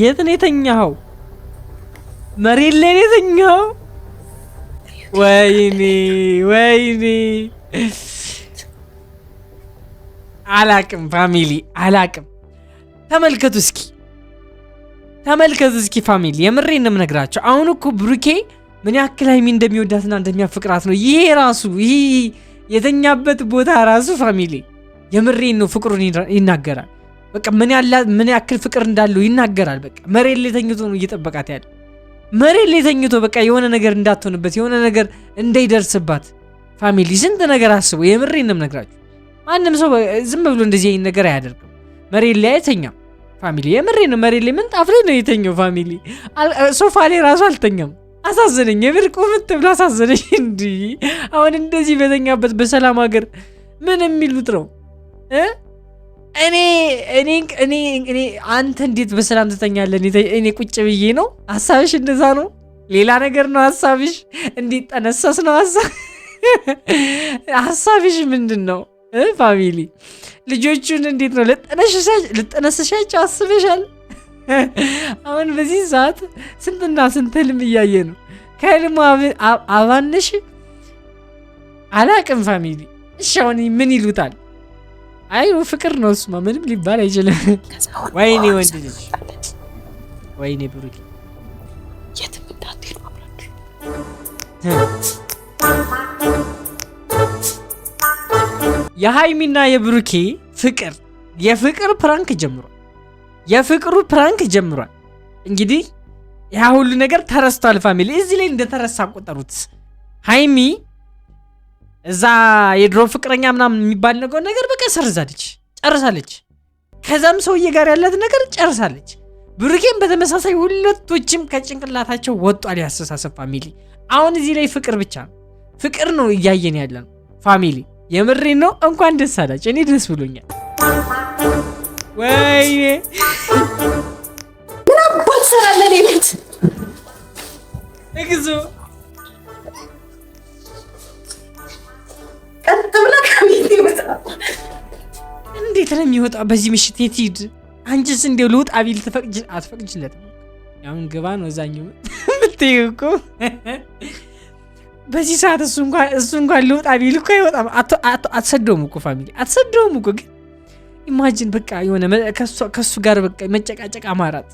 የት ነው የተኛኸው? መሬት ላይ ነው የተኛኸው? ወይኔ ወይኔ አላቅም ፋሚሊ አላቅም። ተመልከቱ እስኪ ተመልከቱ እስኪ ፋሚሊ የምሬ እንደምነግራቸው አሁን እኮ ብሩኬ ምን ያክል ሀይሚ እንደሚወዳትና እንደሚያፍቅራት ነው ይሄ ራሱ ይሄ የተኛበት ቦታ ራሱ ፋሚሊ የምሬን ነው ፍቅሩን ይናገራል። በቃ ምን ያላ ምን ያክል ፍቅር እንዳለው ይናገራል። በቃ መሬት ላይ ተኝቶ ነው እየጠበቃት ያለ። መሬት ላይ ተኝቶ በቃ የሆነ ነገር እንዳትሆንበት የሆነ ነገር እንዳይደርስባት ፋሚሊ ስንት ነገር አስቦ የምሬ ነው የምነግራችሁ። ማንም ሰው ዝም ብሎ እንደዚህ አይነት ነገር አያደርግም። መሬት ላይ አይተኛም ፋሚሊ፣ የምሬ ነው። መሬት ላይ ምንጣፍ ላይ ነው የተኛው ፋሚሊ። ሶፋ ላይ ራሱ አልተኛም። አሳዘነኝ፣ የምር ቁምት ብሎ አሳዘነኝ። እንዲ አሁን እንደዚህ በተኛበት በሰላም ሀገር ምን የሚሉት ነው? እኔ እኔ እኔ እኔ አንተ እንዴት በሰላም ትተኛለን? እኔ ቁጭ ብዬ ነው። ሀሳብሽ እንደዛ ነው። ሌላ ነገር ነው ሀሳብሽ። ጠነሰስ ነው ሀሳብሽ ምንድን ነው? ፋሚሊ ልጆቹን እንዴት ነው ልጠነሰሻቸው አስበሻል? አሁን በዚህ ሰዓት ስንትና ስንት ህልም እያየ ነው። ከህልሙ አባነሽ አላቅም ፋሚሊ። እሺ አሁን ምን ይሉታል? አይ ፍቅር ነው እሱማ፣ ምንም ሊባል አይችልም። ወይኔ ወንድ ልጅ ወይኔ ብሩክ የትም እንዳትሄዱ አብራችሁ የሀይሚና የብሩኬ ፍቅር የፍቅር ፕራንክ ጀምሯል። የፍቅሩ ፕራንክ ጀምሯል። እንግዲህ ያ ሁሉ ነገር ተረስቷል። ፋሚሊ እዚህ ላይ እንደተረሳ ቆጠሩት ሀይሚ እዛ የድሮ ፍቅረኛ ምናምን የሚባል ነገር ነገር በቃ ሰርዛለች፣ ጨርሳለች። ከዛም ሰውዬ ጋር ያላት ነገር ጨርሳለች። ብሩኬም በተመሳሳይ ሁለቶችም ከጭንቅላታቸው ወጧል ያስተሳሰብ ፋሚሊ። አሁን እዚህ ላይ ፍቅር ብቻ ነው ፍቅር ነው እያየን ያለ ነው ፋሚሊ። የምሬ ነው። እንኳን ደስ አላች እኔ ደስ ብሎኛል። ወይኔ ምን ሰራለን ይሉት እግዚኦ ይወጣ? እንዴት ነው የሚወጣው? በዚህ ምሽት የት ሂድ? አንቺስ እንዲያው ልውጣ ቢል ትፈቅጅ አትፈቅጅለትም? አሁን ግባ ነው እዛኛው የምትይው እኮ በዚህ ሰዓት እሱ እንኳን እሱ እንኳን ልውጣ ቢል እኮ አይወጣም። አትሰደውም እኮ ፋሚሊ አትሰደውም እኮ ግን ኢማጂን በቃ የሆነ ከሱ ጋር በቃ መጨቃጨቅ አማራት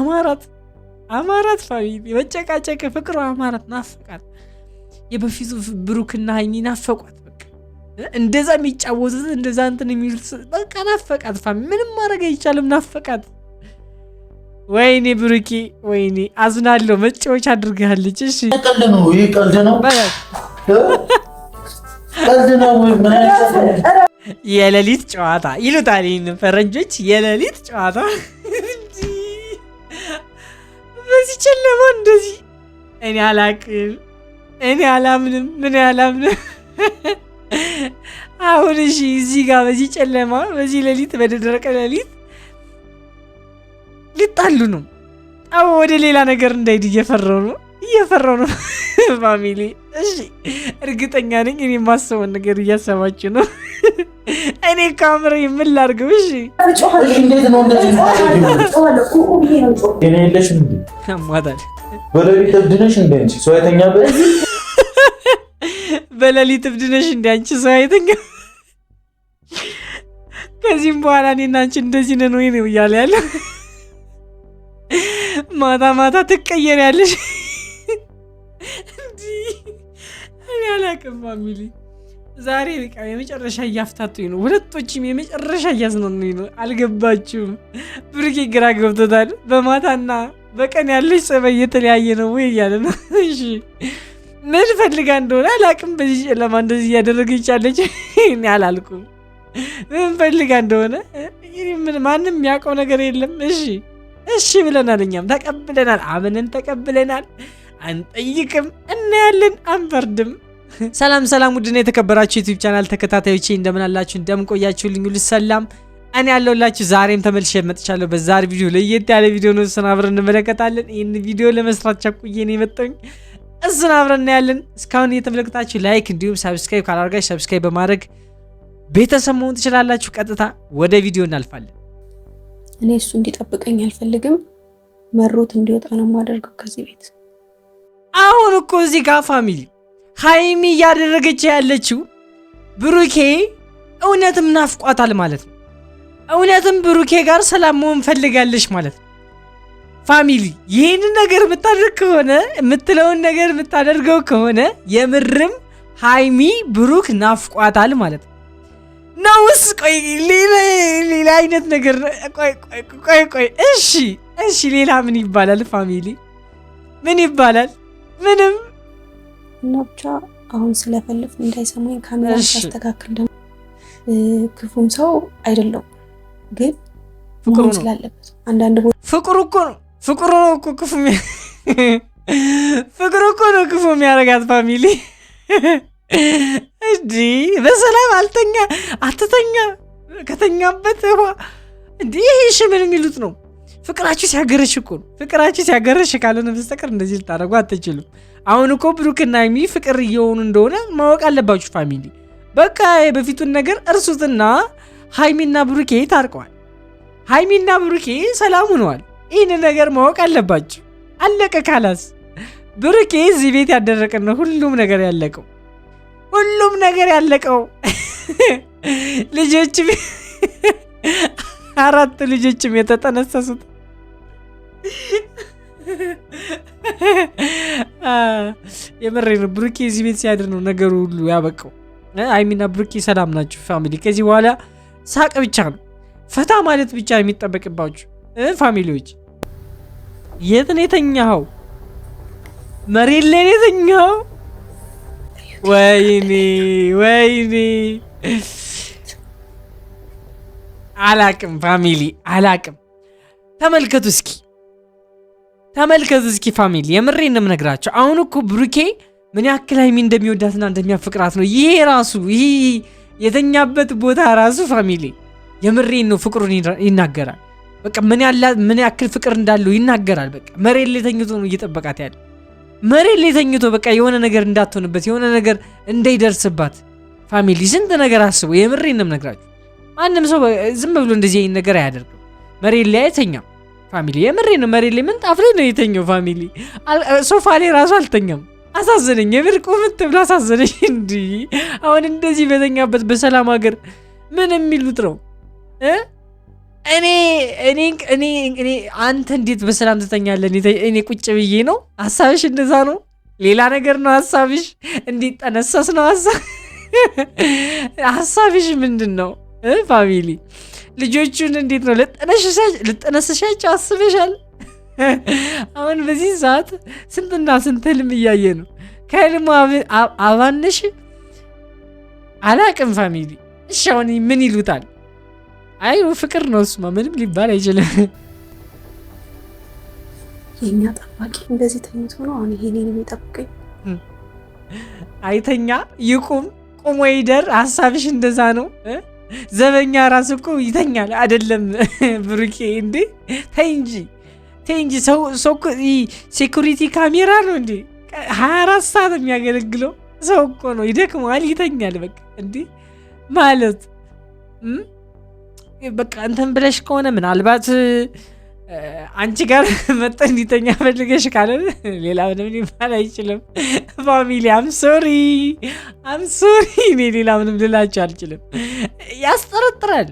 አማራት አማራት ፋሚሊ መጨቃጨቅ ፍቅሩ አማራት ናፈቃት። የበፊቱ ብሩክና ሀይሚ ናፈቋት። እንደዛ የሚጫወቱት እንደዛ እንትን የሚሉት በቃ ናፈቃት ፋሚ ምንም ማድረግ አይቻልም። ናፈቃት። ወይኔ ብሩኬ፣ ወይኔ አዝናለሁ። መጫወቻ አድርግሃለች። እሺ ቀልድ ነው ይህ ቀልድ ነው ቀልድ ነው። የሌሊት ጨዋታ ይሉታል ይህን ፈረንጆች፣ የሌሊት ጨዋታ። በዚህ ጨለማ እንደዚህ እኔ አላቅም፣ እኔ አላምንም፣ ምን አላምንም አሁን እሺ፣ እዚህ ጋር በዚህ ጨለማ በዚህ ሌሊት በደረቀ ሌሊት ሊጣሉ ነው። አዎ፣ ወደ ሌላ ነገር እንዳይድ እየፈራው ነው እየፈራው ነው። ፋሚሊ፣ እሺ፣ እርግጠኛ ነኝ እኔ የማስበውን ነገር እያሰባችሁ ነው። እኔ ካምሬ ምን ላድርገው? እሺ፣ ጮኋል በሌሊት እብድ ነሽ እንደ አንቺ ሰው አይተኛም። ከዚህም በኋላ እኔና አንቺ እንደዚህ ነን ወይ ነው እያለ ያለ ማታ ማታ ትቀየር ያለሽ እኔ አላውቅም። ፋሚሊ ዛሬ በቃ የመጨረሻ እያፍታቱኝ ነው። ሁለቶችም የመጨረሻ እያዝናኑኝ ነው። አልገባችሁም? ብሩኬ ግራ ገብቶታል። በማታና በቀን ያለች ጸባይ እየተለያየ ነው ወይ እያለ ነው። እሺ ምን ፈልጋ እንደሆነ አላቅም። በዚህ ጨለማ እንደዚህ እያደረገች ይቻለች እኔ አላልኩም። ምን ፈልጋ እንደሆነ ማንም የሚያውቀው ነገር የለም። እሺ እሺ ብለናል፣ እኛም ተቀብለናል፣ አምንን ተቀብለናል። አንጠይቅም፣ እናያለን፣ አንፈርድም። ሰላም ሰላም፣ ውድና የተከበራችሁ ዩቲዩብ ቻናል ተከታታዮቼ እንደምናላችሁ፣ እንደምንቆያችሁልኝ ሁሉ ሰላም እኔ ያለሁላችሁ ዛሬም ተመልሼ መጥቻለሁ። በዛሬ ቪዲዮ ለየት ያለ ቪዲዮ ነው፣ እሱን አብረን እንመለከታለን። ይህን ቪዲዮ ለመስራት ቸኩዬ ነው የመጣሁኝ። እዝን አብረን እናያለን። እስካሁን እየተመለከታችሁ ላይክ እንዲሁም ሰብስክራይብ ካላደርጋችሁ ሰብስክራይብ በማድረግ ቤተሰብ መሆን ትችላላችሁ። ቀጥታ ወደ ቪዲዮ እናልፋለን። እኔ እሱ እንዲጠብቀኝ አልፈልግም። መሮት እንዲወጣ ነው የማደርገው ከዚህ ቤት። አሁን እኮ እዚህ ጋር ፋሚሊ ሀይሚ እያደረገች ያለችው ብሩኬ እውነትም ናፍቋታል ማለት ነው። እውነትም ብሩኬ ጋር ሰላም መሆን ፈልጋለች ማለት ነው። ፋሚሊ ይህንን ነገር የምታደርግ ከሆነ የምትለውን ነገር የምታደርገው ከሆነ የምርም ሃይሚ ብሩክ ናፍቋታል ማለት ነው። ነውስ? ቆይ ሌላ አይነት ነገር ቆይ ቆይ፣ እሺ እሺ፣ ሌላ ምን ይባላል? ፋሚሊ ምን ይባላል? ምንም እና ብቻ አሁን ስለፈልፍ እንዳይሰማኝ ካሜራ ሳስተካክል ደግሞ ክፉም ሰው አይደለም ግን ፍቅሩ ስላለበት አንዳንድ ፍቅሩ እኮ ነው ፍቅሩ እኮ ክፉ ፍቅሩ እኮ ነው ክፉ የሚያደርጋት ፋሚሊ እንዲ በሰላም አልተኛ አትተኛ ከተኛበት እንዲ ይህ ሽምን የሚሉት ነው። ፍቅራችሁ ሲያገረሽ እኮ ነው። ፍቅራችሁ ሲያገረሽ ካልሆነ በስተቀር እንደዚህ ልታደርጉ አትችሉም። አሁን እኮ ብሩክና ሚ ፍቅር እየሆኑ እንደሆነ ማወቅ አለባችሁ ፋሚሊ። በቃ በፊቱን ነገር እርሱትና ሀይሚና ብሩኬ ታርቀዋል። ሀይሚና ብሩኬ ሰላም ሆነዋል። ይህን ነገር ማወቅ አለባችሁ። አለቀ። ካላስ ብሩኬ እዚህ ቤት ያደረቀን ነው። ሁሉም ነገር ያለቀው፣ ሁሉም ነገር ያለቀው። ልጆች አራት ልጆችም የተጠነሰሱት የምሬ ነው። ብሩኬ እዚህ ቤት ሲያድር ነው ነገሩ ሁሉ ያበቀው። አይሚና ብሩኬ ሰላም ናችሁ ፋሚሊ። ከዚህ በኋላ ሳቅ ብቻ ነው፣ ፈታ ማለት ብቻ የሚጠበቅባችሁ ፋሚሊዎች የት ነው የተኛኸው? መሬት ላይ ነው የተኛኸው? ወይኔ ወይኔ አላቅም ፋሚሊ አላቅም። ተመልከቱ እስኪ ተመልከቱ እስኪ ፋሚሊ የምሬ እንደምነግራቸው አሁን እኮ ብሩኬ ምን ያክል ሀይሚ እንደሚወዳትና እንደሚያፍቅራት ነው ይሄ ራሱ ይሄ የተኛበት ቦታ ራሱ ፋሚሊ የምሬን ነው ፍቅሩን ይናገራል። በቃ ምን ያላ ምን ያክል ፍቅር እንዳለው ይናገራል። በቃ መሬት ላይ ተኝቶ ነው እየጠበቃት ያለ። መሬት ላይ ተኝቶ በቃ የሆነ ነገር እንዳትሆንበት የሆነ ነገር እንዳይደርስባት ፋሚሊ ስንት ነገር አስቦ የምሬ ነው የምነግራችሁ። ማንም ሰው ዝም ብሎ እንደዚህ አይነት ነገር አያደርግም። መሬት ላይ አይተኛም ፋሚሊ፣ የምሬ ነው። መሬት ላይ ምንጣፍ ላይ ነው የተኛው ፋሚሊ። ሶፋ ላይ ራሱ አልተኛም። አሳዘነኝ የምር ቁምት ብሎ አሳዘነኝ። እንዲህ አሁን እንደዚህ በተኛበት በሰላም ሀገር ምን የሚሉት ነው? እኔ እኔ እኔ እኔ አንተ እንዴት በሰላም ትተኛለን? እኔ ቁጭ ብዬ ነው። ሀሳብሽ እንደዛ ነው። ሌላ ነገር ነው ሀሳብሽ። ጠነሰስ ነው ሀሳብሽ ምንድን ነው? ፋሚሊ ልጆቹን እንዴት ነው ልጠነስሻቸው አስበሻል? አሁን በዚህ ሰዓት ስንትና ስንት ህልም እያየ ነው። ከህልሙ አባነሽ አላቅም ፋሚሊ። እሺ አሁን ምን ይሉታል? አይ ፍቅር ነው እሱማ፣ ምንም ሊባል አይችልም። የኛ ጠባቂ እንደዚህ ተኝቶ ነው አሁን ይሄንን የሚጠብቀኝ። አይተኛ ይቁም፣ ቁሞ ይደር። ሀሳብሽ እንደዛ ነው። ዘበኛ ራስ እኮ ይተኛል አይደለም? ብሩኬ እንዴ ተይ እንጂ ተይ እንጂ። ሴኩሪቲ ካሜራ ነው እንዴ? ሀያ አራት ሰዓት የሚያገለግለው ሰው እኮ ነው። ይደክመዋል፣ ይተኛል። በቃ እንዴ ማለት በቃ እንትን ብለሽ ከሆነ ምናልባት አንቺ ጋር መጠን እንዲተኛ ፈልገሽ ካለ ሌላ ምንም ሊባል አይችልም። ፋሚሊ አም ሶሪ አም ሶሪ። እኔ ሌላ ምንም ልላቸው አልችልም። ያስጠረጥራል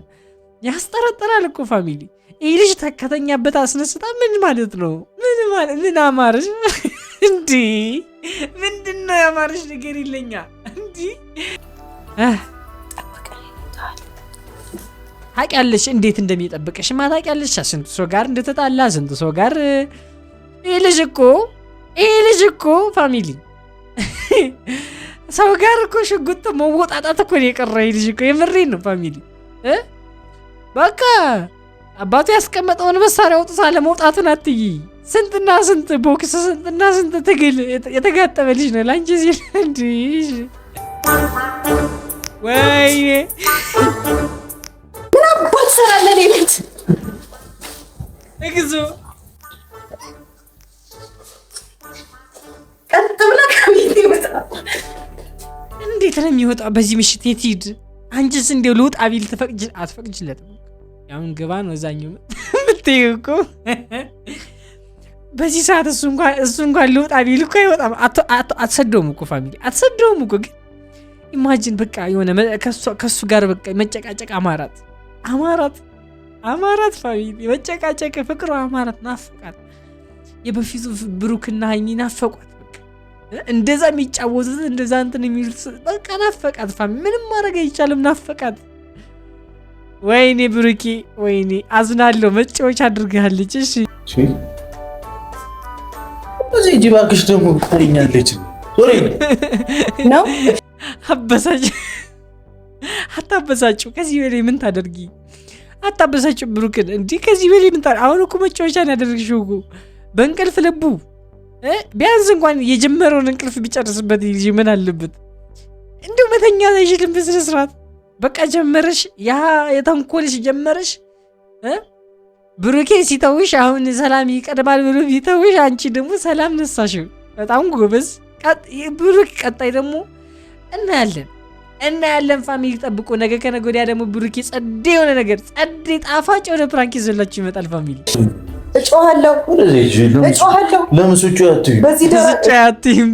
ያስጠረጥራል እኮ ፋሚሊ። ይህ ልጅ ከተኛበት አስነስታ ምን ማለት ነው? ምን ማለት ምን አማርሽ እንዲህ ምንድን ነው ያማርሽ ነገር ይለኛ እንዲህ ታውቂያለሽ እንዴት እንደሚጠብቅሽማ ታውቂያለሽ። ስንት ሰው ጋር እንደተጣላ ስንት ሰው ጋር ይህ ልጅ እኮ ይህ ልጅ እኮ ፋሚሊ ሰው ጋር እኮ ሽጉጥ መወጣጣት እኮ የቀረ። ይህ ልጅ እኮ የምሬን ነው ፋሚሊ በቃ አባቱ ያስቀመጠውን መሳሪያ አውጥቶ አለመውጣቱን አትይ። ስንትና ስንት ቦክስ ስንትና ስንት ትግል የተጋጠመ ልጅ ነው ላንቺ ሲል እንዲህ ወይኔ አባት ሰራለን ይለት እግዚኦ ቀጥ ብላ ከቤት ይወጣ። እንዴት ነው የሚወጣ? በዚህ ምሽት የት ሂድ? አንቺስ እንደው ልውጣ ቢል ትፈቅጅ አትፈቅጅለትም። ያሁን ግባ ነው እዛኛው የምትይው እኮ በዚህ ሰዓት እሱ እንኳን እሱ እንኳን ልውጣ ቢል እኮ አይወጣም። አትሰደውም እኮ ፋሚሊ አትሰደውም እኮ ግን ኢማጂን በቃ የሆነ ከሱ ጋር በቃ መጨቃጨቅ አማራት። አማራት አማራት ፋሚሊ የመጨቃጨቅ ፍቅሩ አማራት ናፈቃት። የበፊቱ ብሩክና ሀይሚ ናፈቋት። እንደዛ የሚጫወቱት እንደዛ እንትን የሚሉት በቃ ናፈቃት። ፋሚሊ ምንም ማድረግ አይቻልም። ናፈቃት። ወይኔ ብሩኬ፣ ወይኔ አዝናለሁ። መጫወቻ አድርግሃለች። እሺ እዚህ ጅባክሽ ደግሞ ታኛለች ነው አበሳጭ አታበሳጭው። ከዚህ በላይ ምን ታደርጊ? አታበሳጭው ብሩክን እንዲህ ከዚህ በላይ ምን ታ አሁን እኮ መጫወቻን ያደረግሽው እኮ በእንቅልፍ ልቡ ቢያንስ እንኳን የጀመረውን እንቅልፍ ቢጨርስበት ልጅ ምን አለበት? እንዲሁ መተኛ አይችልም? በስነ ስርዓት በቃ ጀመረሽ፣ ያ የተንኮልሽ ጀመረሽ። ብሩኬ ሲተውሽ አሁን ሰላም ይቀድማል ብሎ ቢተውሽ፣ አንቺ ደግሞ ሰላም ነሳሽ። በጣም ጎበዝ ብሩክ። ቀጣይ ደግሞ እናያለን። እና ያለን ፋሚሊ ጠብቆ ነገ ከነገ ወዲያ ደግሞ ብሩኬ ጸድ የሆነ ነገር ጸድ ጣፋጭ የሆነ ፕራንክ ይዘላችሁ ይመጣል። ፋሚሊ እጮሃለሁ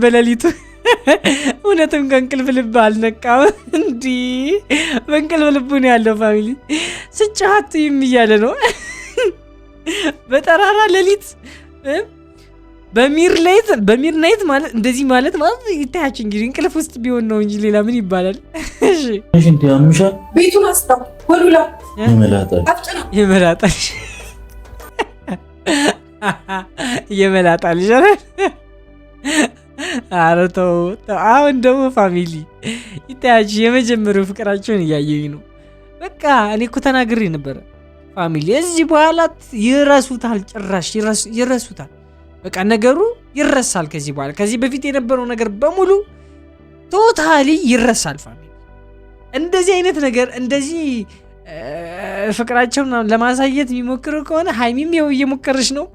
በሌሊቱ እውነትም ከእንቅልፍ ልብ አልነቃም። እንዲ በእንቅልፍ ልቡ ነው ያለው። ፋሚሊ ስጮ እያለ ነው በጠራራ ሌሊት በሚርሌት በሚርናይት ማለት እንደዚህ ማለት ማለት ይታያችን እንግዲህ እንቅልፍ ውስጥ ቢሆን ነው እንጂ ሌላ ምን ይባላል? የመላጣል ይሻላል። ኧረ ተው አሁን ደግሞ ፋሚሊ ይታያችሁ የመጀመሪያው ፍቅራቸውን እያየኝ ነው። በቃ እኔ እኮ ተናግሬ ነበረ ፋሚሊ፣ እዚህ በኋላት ይረሱታል፣ ጭራሽ ይረሱታል በቃ ነገሩ ይረሳል። ከዚህ በኋላ ከዚህ በፊት የነበረው ነገር በሙሉ ቶታሊ ይረሳል። ፋሚሊ እንደዚህ አይነት ነገር እንደዚህ ፍቅራቸውን ለማሳየት የሚሞክሩ ከሆነ ሀይሚም ይኸው እየሞከረች ነው።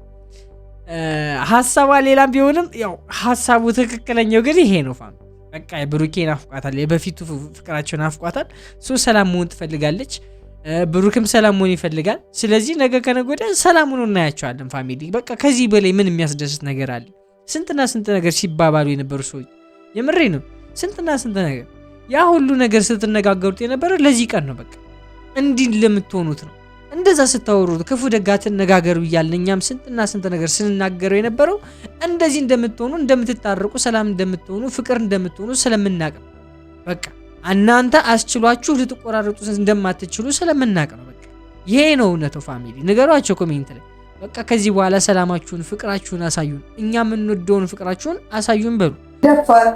ሀሳቧ ሌላም ቢሆንም ያው ሀሳቡ ትክክለኛው ግን ይሄ ነው። ፋሚሊ በቃ ብሩኬ ናፍቋታል፣ የበፊቱ ፍቅራቸው ናፍቋታል። ሶ ሰላም መሆን ትፈልጋለች። ብሩክም ሰላም ይፈልጋል። ስለዚህ ነገ ከነገ ወዲያ ሰላም ሆኖ እናያቸዋለን። ፋሚሊ በቃ ከዚህ በላይ ምን የሚያስደስት ነገር አለ? ስንትና ስንት ነገር ሲባባሉ የነበሩ ሰዎች የምሬ ነው። ስንትና ስንት ነገር ያ ሁሉ ነገር ስትነጋገሩት የነበረ ለዚህ ቀን ነው። በቃ እንዲህ ለምትሆኑት ነው። እንደዛ ስታወሩት ክፉ ደጋ ትነጋገሩ እያልን እኛም ስንትና ስንት ነገር ስንናገረው የነበረው እንደዚህ እንደምትሆኑ እንደምትታረቁ ሰላም እንደምትሆኑ፣ ፍቅር እንደምትሆኑ ስለምናቅም በቃ እናንተ አስችሏችሁ ልትቆራረጡ እንደማትችሉ ስለምናቅ ነው። በቃ ይሄ ነው እውነተው። ፋሚሊ ንገሯቸው ኮሜንት ላይ በቃ ከዚህ በኋላ ሰላማችሁን፣ ፍቅራችሁን አሳዩን፣ እኛ የምንወደውን ፍቅራችሁን አሳዩን በሉ። ደፋር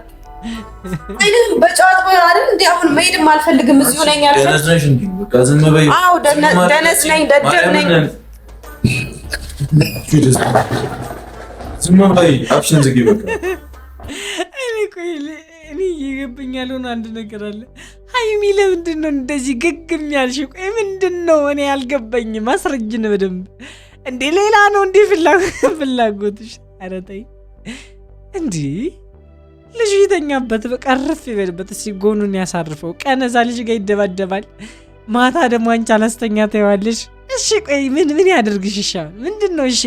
አይደለም አይደል እንዴ? አሁን መሄድም አልፈልግም እዚሁ ነኝ ያልኩት። ነኝ፣ ደደብ ነኝ። ይገባኛል ሆነ አንድ ነገር አለ። ሀይሚ ለምንድን ነው እንደዚህ ግግ ያልሽው? ቆይ ምንድን ነው እኔ ያልገባኝም። አስረጅን በደንብ እንዴ። ሌላ ነው እንዲህ ፍላጎትሽ? ኧረ ተይ እንዴ ልጁ ይተኛበት፣ በቃ ርፍ ይበልበት። እስኪ ጎኑን ያሳርፈው። ቀን እዛ ልጅ ጋር ይደባደባል፣ ማታ ደግሞ አንቺ አላስተኛ ተይዋለሽ። እሺ ቆይ ምን ምን ያደርግሽ ይሻል? ምንድን ነው እሺ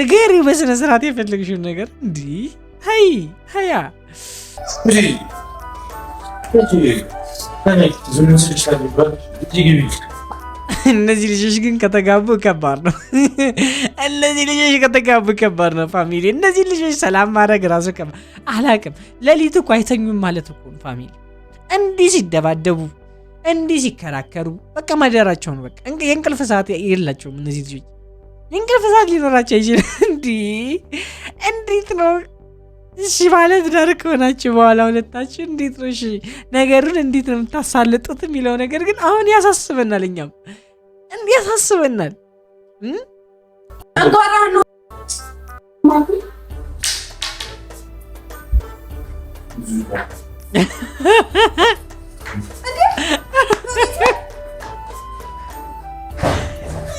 ንገሪው በስነ ስርዓት የፈለግሽውን ነገር እንዲህ ሀይ ሀያ እነዚህ ልጆች ግን ከተጋቡ ከባድ ነው። እነዚህ ልጆች ከተጋቡ ከባድ ነው። ፋሚሊ እነዚህ ልጆች ሰላም ማድረግ ራሱ ከባድ አላቅም። ሌሊት እኮ አይተኙም ማለት እኮ ፋሚሊ። እንዲህ ሲደባደቡ፣ እንዲህ ሲከራከሩ በቃ ማደራቸው በቃ የእንቅልፍ ሰዓት የላቸውም እነዚህ ልጆች። የእንቅልፍ ሰዓት ሊኖራቸው አይችልም። እንዲህ እንዴት ነው እሺ ማለት ደርቅ ሆናችሁ በኋላ ሁለታችሁ እንዴት ነው እሺ ነገሩን እንዴት ነው የምታሳልጡት የሚለው ነገር ግን አሁን ያሳስበናል። እኛም እንዲህ ያሳስበናል።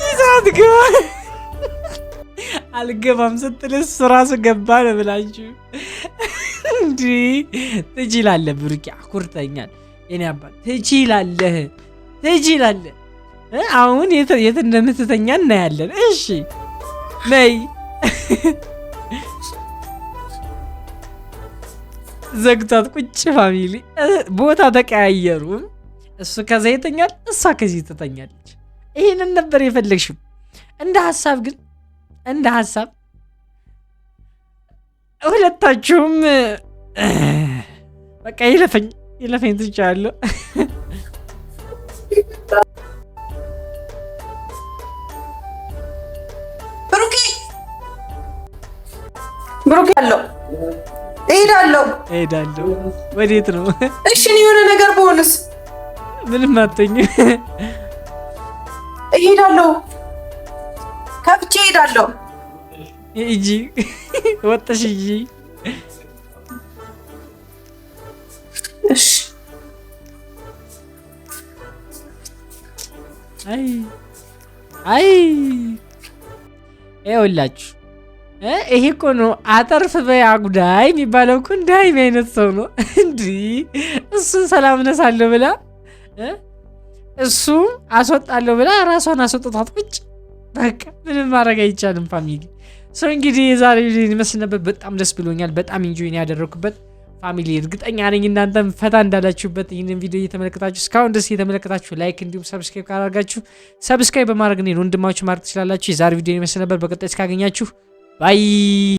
ይዛት ግባ አልገባም ስትልስ ራሱ ገባ ነው ብላችሁ እንዲ ትችላለህ፣ ብሩኬ አኩርተኛል። እኔ አባት ትችላለህ፣ ትችላለህ። አሁን የት እንደምትተኛ እናያለን። እሺ ነይ። ዘግቷት ቁጭ ፋሚሊ ቦታ ተቀያየሩ። እሱ ከዛ ይተኛል፣ እሷ ከዚህ ትተኛለች። ይህንን ነበር የፈለግሽው። እንደ ሀሳብ ግን እንደ ሀሳብ ሁለታችሁም በቃ ይለፈኝ ይለፈኝ ትቻለሁ። ብሩኬ ብሩኬ አለው እሄዳለሁ እሄዳለሁ። ወዴት ነው? እሺ የሆነ ነገር በሆንስ? ምንም አትኝ። እሄዳለሁ ከብቼ እሄዳለሁ። እጂ ወጥሽ እጂ አይ ይኸውላችሁ ይሄ እኮ ነው አጠርፍ በያጉዳይ የሚባለው እኮ እንደ አይነት ሰው ነው። እንዲ እሱን ሰላም ነሳለሁ ብላ እሱ አስወጣለሁ ብላ ራሷን አስወጥታት ቁጭ በቃ ምንም ማድረግ አይቻልም። ፋሚሊ ሰው እንግዲህ የዛሬ ይመስል ነበር። በጣም ደስ ብሎኛል። በጣም ኢንጆይን ያደረኩበት ፋሚሊ እርግጠኛ ነኝ እናንተም ፈታ እንዳላችሁበት ይህንን ቪዲዮ እየተመለከታችሁ እስካሁን ድረስ እየተመለከታችሁ ላይክ እንዲሁም ሰብስክራይብ ካላደርጋችሁ ሰብስክራይብ በማድረግ እኔን ወንድማችሁ ማድረግ ትችላላችሁ። የዛሬ ቪዲዮ ይመስል ነበር። በቀጣይ እስካገኛችሁ ባይ